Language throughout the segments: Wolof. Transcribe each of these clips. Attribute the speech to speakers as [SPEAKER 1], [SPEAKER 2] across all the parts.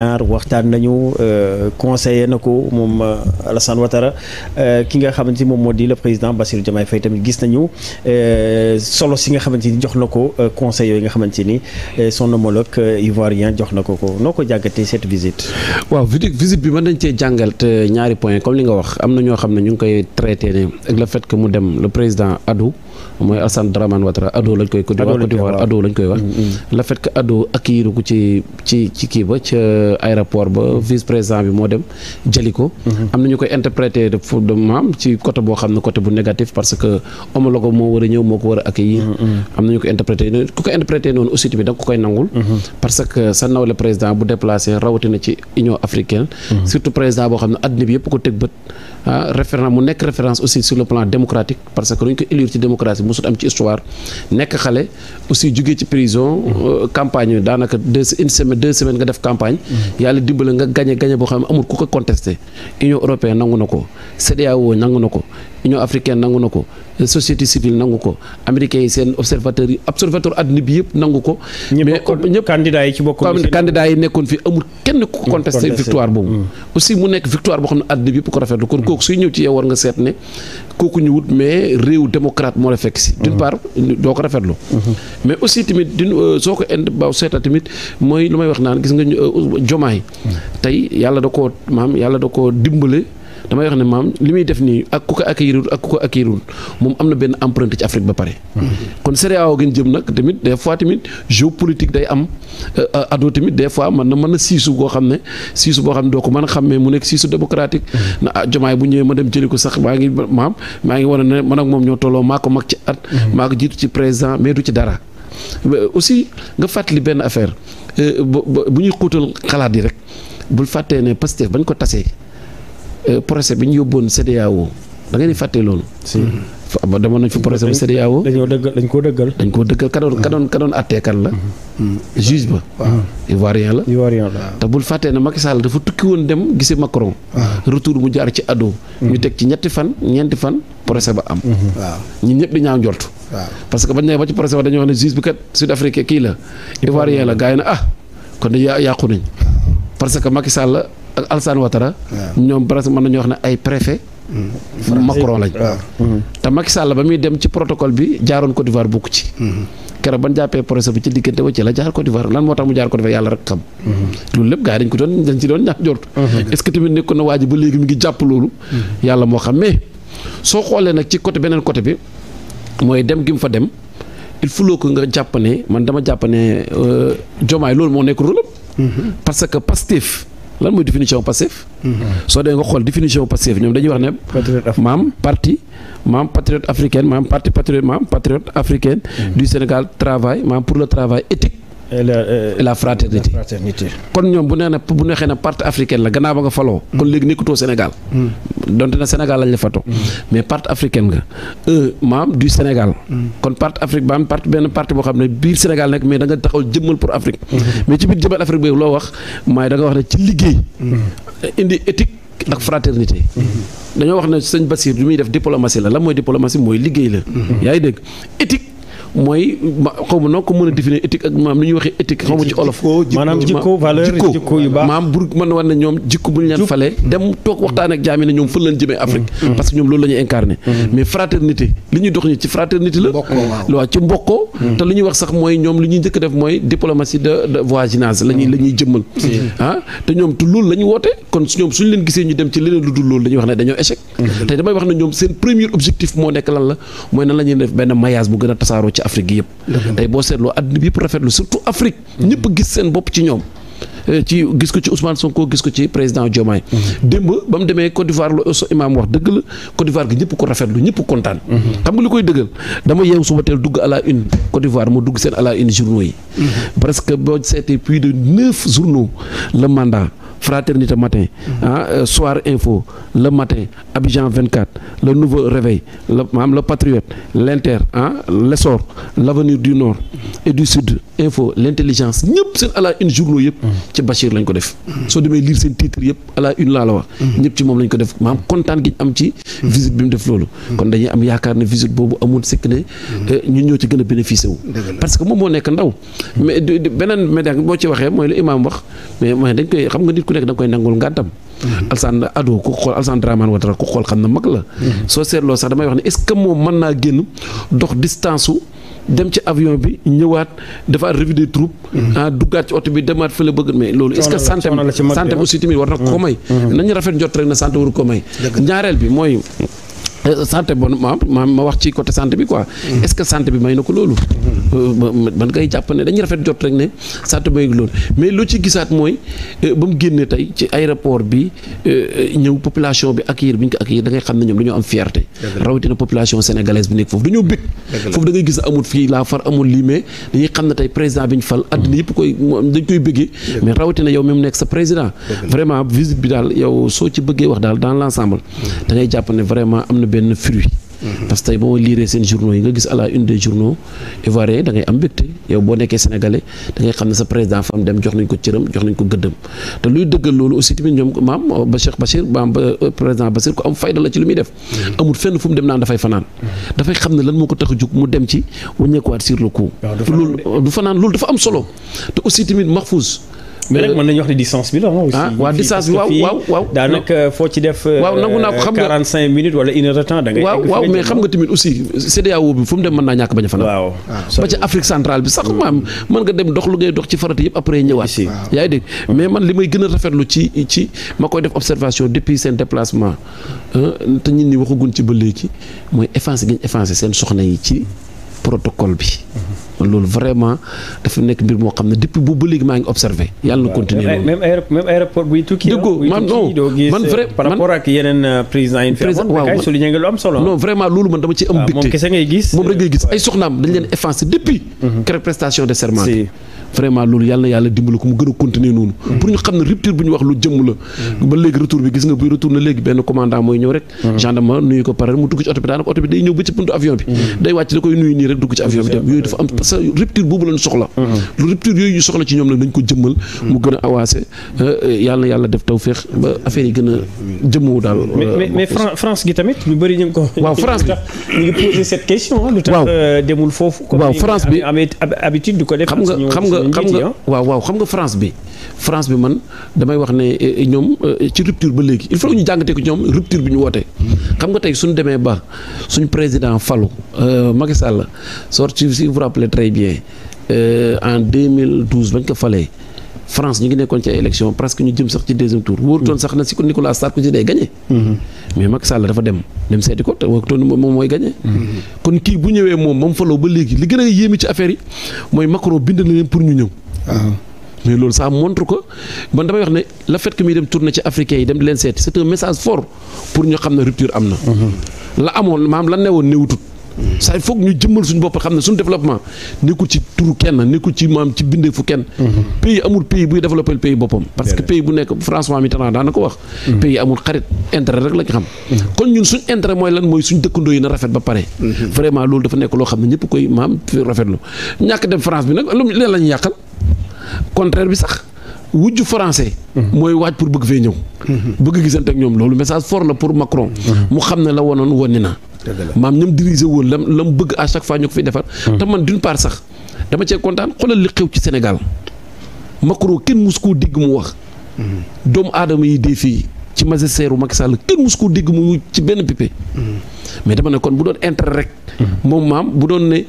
[SPEAKER 1] ñaar waxtaan nañu euh, conseiller na ko moom euh, Alassane Ouattara euh, ki nga xamante ni moom moo di le président Bassirou Diomaye Faye tamit gis nañu solo si nga xamante ni jox na ko conseil yooyu nga xamante ni son homologue ivoirien jox na ko ko noo ko jàggatee cette visite. waaw bi mën nañ cee jàngal te ñaari point comme li nga wax am na ñoo xam ne ñu ngi koy
[SPEAKER 2] traité ne ak le fait que mu dem le président Adou mooy Alassane Dramane Ouattara Adou lañ koy. Adou lañ wax Côte d'Ivoire lañ koy wax. Mm-hmm. le fait ko ci ci aéroport ba vice président bi moo dem jëli ko. Mhm. am na ñu koy interpréter maam ci côté boo xam ne côté bu négatif parce que homologue moo war ñëw moo ko war a accueillir. Mhm, mhm. am na ñu ko interpréter ku ko interpréter noonu aussi tamit da nga koy nangul. parce que sa nawle président bu déplacé rawatina ci Union africaine. surtout président boo xam ne adduna bi yëpp ko teg bët. Ah, mu nekk référence aussi sur le plan démocratique parce que lu ñu ko élire ci démocratie yàlla dimbale nga gagné gagné boo xam ne amul ku ko contesté union européenne nangu na ko CEDEAO nangu na ko union africaine nangu na ko société civile nangu ko américains yi seen observateur yi observateur adduna bi yëpp nangu ko. mais ñëpp yi nekkoon fi amul kenn ku contesté victoire boobu. Mm. aussi mu nekk victoire boo xam ne adduna bi yëpp ko rafetlu kon kooku suy ñëw ci yow nga seet ne kooku ñu mais réew démocrate moo la fekk si. d'une mm. part doo ko rafetlu. Mm-hmm. mais aussi tamit dina euh, soo ko indi baaw seeta tamit mooy lu may wax naan gis nga jomaay euh, mm. tey yàlla da koo maam yàlla da koo damay wax ne maam li muy def nii ak ku ko accueillir ak ku ko accueillir moom am na benn empreinte ci Afrique ba pare. kon CEDEAO gën jëm nag tamit des fois tamit géopolitique day am euh, ado tamit des fois man na mën na siisu goo xam ne siisu boo xam ne doo ko mën a xàmmee mu nekk siisu démocratique. na ah jomaay bu ñëwee ma dem jëli ko sax maa ngi maam maa ngi war a ne man ak moom ñoo tolloo maa ko mag ci at. maa ko jiitu ci président mais du ci dara. aussi nga fàttali benn affaire euh, bu ñuy xóotal xalaat yi rek bul fàttee ne Pastef bañ ko tasee. Euh, procès bi ñu yóbboon CEDEAO da ngeen di fàtte loolu. ba demoon nañ fi procès bu CEDEAO. dañ koo dëggal. dañ koo dëggal ka doon ka doon ka doon àttee kan la. Mm-hmm. Mm-hmm. juge ba. waaw la. te bul fàttee ne Macky Sall dafa tukki woon dem gisi Macron. Ah. retour mu jaar ci ado. Mm-hmm. ñu teg ci ñetti fan ñeenti fan procès ba am. waaw ñun ñëpp di ñaaw njort. parce que bañ ne ba ci procès ba dañoo wax ne juge bi kat sud africain kii la. Ivoirien la gars yi ne ah kon de yàqu nañ. Ah. ak Alassane Ouattara. ñoom presque mën nañu wax ne ay préfet. Macron lañ. te Macky ba muy dem ci protocole bi jaaroon Côte d'Ivoire bokk ci. Mhm. keroog ban jàppee procès bi ci diggante wa ci la jaar Côte d'Ivoire lan moo tax mu jaar Côte d'Ivoire yàlla mhm. mhm. ba léegi mu ngi jàpp loolu. yàlla moo xam mais soo xoolee nag ci côté beneen côté bi mooy dem gi mu fa dem il faut que nga jàpp man dama jàpp jomaay euh, loolu moo nekk rôle parce que Pastef lan mooy définition Pastef. Mhm. soo dee nga xool définition Pastef ñoom dañuy wax ne. maam parti maam patriote africaine maam parti patriote maam patriote africaine. Mhm. du Sénégal travail maam pour le travail éthique. et euh, la fraternité kon ñoom bu nee na neexee na parti africaine la gannaaw ba nga faloo. kon léegi nekkutoo Sénégal. Hmm. donte na Sénégal lañ la fatoo. Hmm. mais parti africaine nga e maam du Sénégal. Hmm. kon parti Afrique ba am parti benn parti boo xam ne biir Sénégal nekk mais da nga taxaw jëmmal pour Afrique. mais ci biir jëmmal Afrique boobu loo wax maay da nga wax ne ci liggéey. indi éthique ak fraternité. dañoo wax ne sëñ Basir lu muy def diplomatie la lan mooy diplomatie mooy liggéey yaa ngi dégg mooy xaw ma noo ko mën a définir éthique ak maam lu ñuy waxee éthique xaw ma ci olof. jikko maam bu mën war na ñoom jikko bu ñu leen falee dem toog waxtaan ak jaami ne ñoom fën leen jëmee Afrique mm-hmm. parce que ñoom mm-hmm. li ñuy dox ñi ci fraternité la waaw ci mbokkoo mm-hmm. te lu ñuy wax sax mooy ñoom li ñuy njëkk def mooy diplomatie de de voisinage lañuy la ñuy jëmmal ah te ñoom te loolu la ñu woote kon ñoom suñu leen gisee ñu dem ci leneen lu dul loolu dañuy wax ne dañoo ci Afrique yëpp. tey boo seetloo àdduna bi yëpp rafetlu surtout Afrique. Mmh. ñëpp gis seen bopp ci ñoom. Euh, ci gis ko ci Ousmane Sonko gis ko ci président Diomaye. Mmh. démb ba mu demee Côte d'Ivoire mmh. la une Côte d'Ivoire mu dugg seen à une journaux yi. parce boo seetee plus de neuf journaux le mandat. Fraternité matin ah Soir info le matin Abidjan 24 le nouveau réveil le maanaam le patriote l' inter ah l' essor du nord et du sud info l'intelligence ñëpp seen à la une journaux yëpp ci Bachir lañ ko def soo demee lire seen titre yëpp à une laa wax ñëpp ci moom lañ ko def maam kontaan gi am ci euh, ci gën a parce que moom moo nekk ndaw mais beneen média boo ci waxee mooy lu imaam wax mais dañ koy xam nga nit ku nekk da koy nangul ngàddam alsaan ado ku xool alsaan Dramane Ouattara ku xool xam na mag la soo seetloo sax damay wax ne est moom mën naa dem ci avion bi ñëwaat defaat revue des troupes. Mhm. Ah duggaat ci oto bi demaat fële bëgg mais loolu. est-ce que santé santé aussi tamit war na ko may. Mhm. Mhm. nañu rafet njot rek na santé waru ko may. ñaareel bi mooy. Euh, santé bon ma ma wax ci côté santé bi quoi. Mm-hmm. est-ce que santé bi may na ko loolu. Mm-hmm. Euh, man kay jàpp ne rafet jot rek ne santé may loolu mais loo ci gisaat mooy euh, ba mu génnee tey ci aéroport bi ñëw population bi accueillir bi ñu da ngay xam ne ñoom dañoo am fierté. rawatina population sénégalaise bi nekk foofu dañoo bëgg. foofu da ngay gis amul fii laa far amul lii mais dañuy xam ne tey président bi ñu fal. Mm-hmm. àddina yëpp koy dañ koy bëggee. mais rawatina yow même nekk sa président. vraiment visite bi daal yow soo ci bëggee wax daal dans l'ensemble da benn fruit. Mhm. parce que tey liiree seen journaux yi nga gis à une des journaux ivoiriens da ngay am mbégte yow boo nekkee sénégalais da xam ne sa président femme dem jox nañ ko cëram jox nañ ko gëddam te luy dëggal loolu aussi tamit ñoom maam Bachir Bachir maam euh, président Bachir ko am fayda la ci li muy def mhm. amul fenn fu dem naan dafay fanaan mhm. dafay xam ne lan moo ko tax a jug mu dem ci waññeekuwaat sur le coup loolu euh, du fanaan loolu dafa am solo mais nag mën nañu wax ne distance bi la aussi. ah waaw
[SPEAKER 1] waaw waaw ci def. waaw euh, xam nga 45 minutes wala une heure
[SPEAKER 2] de temps mais xam nga tamit aussi CEDEAO bi fu mu dem mën naa ñàkk bañ a fanaan. waaw ah, ba ci Afrique centrale bi sax maam mën nga dem dox lu ngay dox ci farata yëpp après ñëwaat. yaa ngi dégg ah. mais man li may gën a rafetlu ci ci ma koy def observation depuis seen déplacement te ñun ñi waxagun ci ba léegi mooy effacé gi ñu seen soxna yi ci protocole bi. loolu vraiment dafa nekk mbir moo xam ne depuis bu léegi maa ngi observé. yàlla na continuer loolu
[SPEAKER 1] même man non
[SPEAKER 2] man loolu man dama ci am. waaw ah, moom kese ngay gis euh, ay soxnaam dañ leen effacé depuis. Mm-hmm. keroog prestation de serment vraiment loolu yàlla na yàlla a def taw ba affaire yi gën a jëmmawu daal euh,
[SPEAKER 1] France gi waaw France bi waaw euh, France bi xam nga nga xam nga ah? waaw waaw xam nga France bi France bi man damay
[SPEAKER 2] wax ne eh, eh, ñoom eh, ci rupture ba léegi il faut ñu jàngatee ko ñoom rupture bi ñu woote. xam nga tey suñu demee ba suñu président falu Fallou euh, Macky Sall sorti si vous rappelez très bien euh, en 2012 bañ ko falee. France ñu ngi nekkoon ci ay élection presque ñu jëm sax ci deuxième tour wóorutoon sax na si Nicolas Sarkozy day gagné mais Macky Sall dafa dem dem seeti ko te waxtoon moom mooy gagné kon kii bu ñëwee moom moom faloo ba léegi li gën a yéeme ci affaire yi mooy Macron bind na leen pour ñu ñëw mais loolu ça montre que man damay wax ne le fait que muy dem tourner ci africains yi dem di leen seeti c'est un message fort pour ñu xam ne rupture am na mhm. la amoon lan ne woon newutut ça il faut que ñu jëmmal suñu bopp xam ne suñu développement nekkul ci turu kenn nekkul ci maam ci bindeefu kenn. Mm-hmm. pays amul pays buy développé pays boppam. parce que pays bu nekk François Mitterrand daan na ko wax. Mm-hmm. pays amul xarit intérêt rek la ñu xam. Mm-hmm. kon ñun suñu intérêt mooy lan mooy suñu dëkkandoo yi na rafet ba pare. vraiment loolu dafa nekk loo xam ne ñëpp koy maam fi rafetlu ñàkk dem France bi nag lu leen la ñu yàqal contraire bi sax. wujju français. mooy la pour Macron. maam ñam diriger woon lam la mu bëgg à chaque fois ñu ko fi defar hmm. te man d'une part sax dama cee kontaan xoolal li xew ci Sénégal Macron kenn mus koo dégg mu wax hmm. doomu aadama yi dee fii ci magistère Macky Sall kenn mus koo dégg mu ci benn pipe hmm. mais dama ne kon bu doon intérêt rek moom maam bu doon ne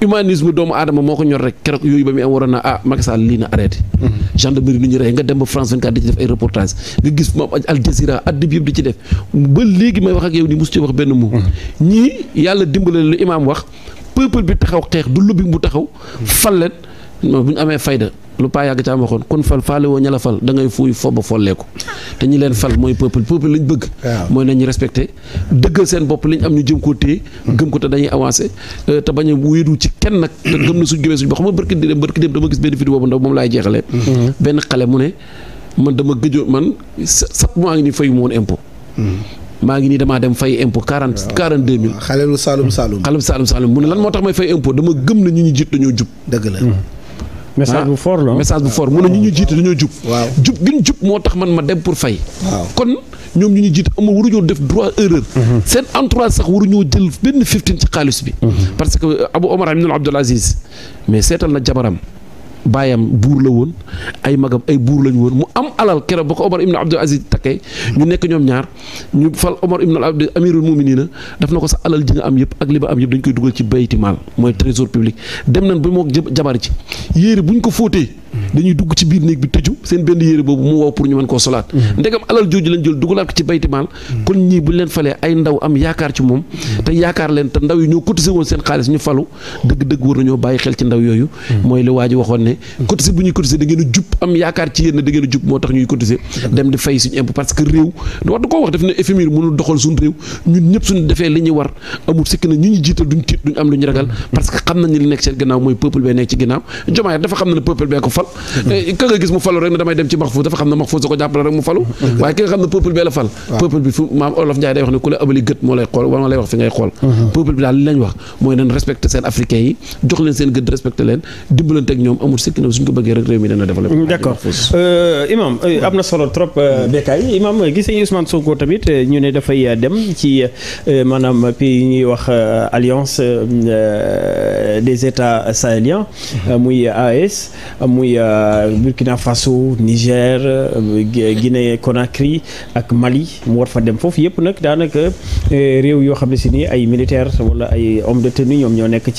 [SPEAKER 2] humanisme doomu aadama moo ko ñor rek keroog yooyu ba muy am waroon na ah Macky Sall lii na arrêté. Mhm. gendarmerie nu ñu rey nga dem ba France 24 di ci def ay reportage nga gis moom Al Jazeera àddina bi yëpp di ci def ba léegi may wax ak yow nii mosu ci wax benn mot. Mhm. ñii yàlla dimbale lu imaam wax peuple bi taxaw xeex du lobby mu taxaw. Mhm. fal leen bu ñu amee fayda lu paa yàgg ca am waxoon kon fal faale woo ña fal da ngay fuuy fob ba folleeku te ñi leen fal mooy peuple peuple lañ bëgg. mooy nañu respecté dëggal seen bopp liñ am ñu jëm koo téye. Hmm. gëm ko te dañuy avancé euh, te bañ a ci kenn nag. te gëm na suñ gëmee suñ ba xam nga barki dem barki dem dama gis benn vidéo boobu ndaw moom laay jeexalee. Hmm. benn xale mu ne man dama gëjoo man sept maa ngi nii fayu ma woon impôt. Hmm. maa ngi nii damaa dem fay impôt quarante quarante deux mille. xale lu Saalum Saalum. xale mu ne lan moo tax may fay impôt dama gëm na ñu ñu jiit dañoo jub. dëgg la. message ah. bu fort la message bu fort mu ñu ñu jiite dañoo jub. jub gi ñu jub moo tax man ma dem pour fay. kon ñoom ñu ñu jiite amul waruñoo def droit erreur. Mhm. seen entourage sax waruñoo jël benn fifteen ci xaalis bi. Mhm. parce que Abu Omar ibn Abdul Aziz mais seetal na jabaram. baayam buur la woon ay magam ay buur lañu woon mu am alal keroog ba ko Omar ibn Abdul Aziz takkee ñu nekk ñoom ñaar ñu fal Omar ibn Abdul amirul muminina daf na ko sa alal ji nga am yëpp ak li ba am yëpp dañ koy dugal ci bayti maal mooy trésor public dem nañ ba moo jabar ji bu ñu ko fóotee dañuy dugg ci biir néeg bi tëju seen benn yére boobu mu wow pour ñu mën koo solaat mm-hmm. ndegam alal jooju lañ jël dugalaat ko ci bayti mm-hmm. kon ñii bu leen falee ay ndaw am yaakaar ci moom mm-hmm. te yaakaar leen te ndaw yi ñoo cotisé woon seen xaalis ñu falu dëgg-dëgg war nañoo bàyyi xel ci ndaw yooyu mooy li waa waxoon ne cotisé bu ñuy cotisé da jub am yaakaar ci yéen ne jub moo tax ñuy cotisé dem di fay suñu impôt parce que réew du ko wax fal eh, ka nga gis mu falu rek ne damay dem ci Mahfouz dafa xam ne Mahfouz su ko jàppale rek mu falu waaye ki nga xam ne peuple bi la fal peuple bi fu maam Olof Njaay day wax ne ku la ëbali gët moo lay xool wala moo lay wax fi ngay xool peuple bi daal li lañ wax mooy nañ respecté seen africain yi jox leen seen gëdd respecté leen dimbalante ak ñoom amul sikki na suñ ko bëggee rek réew mi dana développé d'accord
[SPEAKER 1] euh, imam euh, am na solo trop euh, mmh. Bécaye imam gis nañu Ousmane Sonko tamit ñu ne dafay dem ci maanaam pays ñuy wax alliance des états sahéliens mmh. muy AES muy muy euh, Burkina Faso Niger euh, Guinée Conakry ak Mali mu war fa dem foofu yëpp nag daanaka euh, réew yoo xam ne si ni ay militaires wala ay hommes de tenue ñoom ñoo nekk ci.